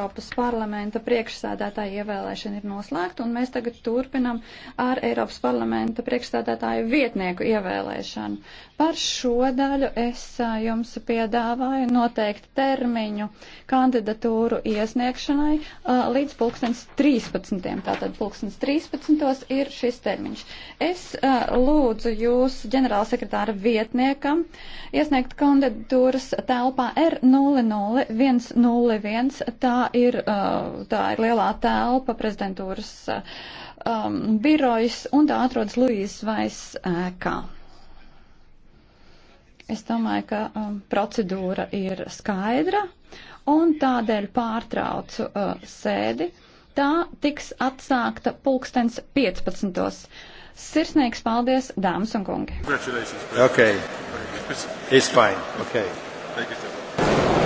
Eiropas parlamenta priekšsēdētāja ievēlēšana ir noslēgta, un mēs tagad turpinam ar Eiropas parlamenta priekšsēdētāju vietnieku ievēlēšanu. Par šo daļu es jums piedāvāju noteikt termiņu kandidatūru iesniegšanai līdz pulkstens 13. Tātad pulkstens 13. ir šis termiņš. Es lūdzu jūs ģenerālsekretāra vietniekam iesniegt kandidatūras telpā R00101. Tā tā ir, tā ir lielā telpa prezidentūras um, birojas, un tā atrodas Luīzes Vais ēkā. Es domāju, ka um, procedūra ir skaidra, un tādēļ pārtraucu uh, sēdi. Tā tiks atsākta pulkstens 15. Sirsnīgs paldies, dāmas un kungi! Okay. It's fine. Okay. Thank you.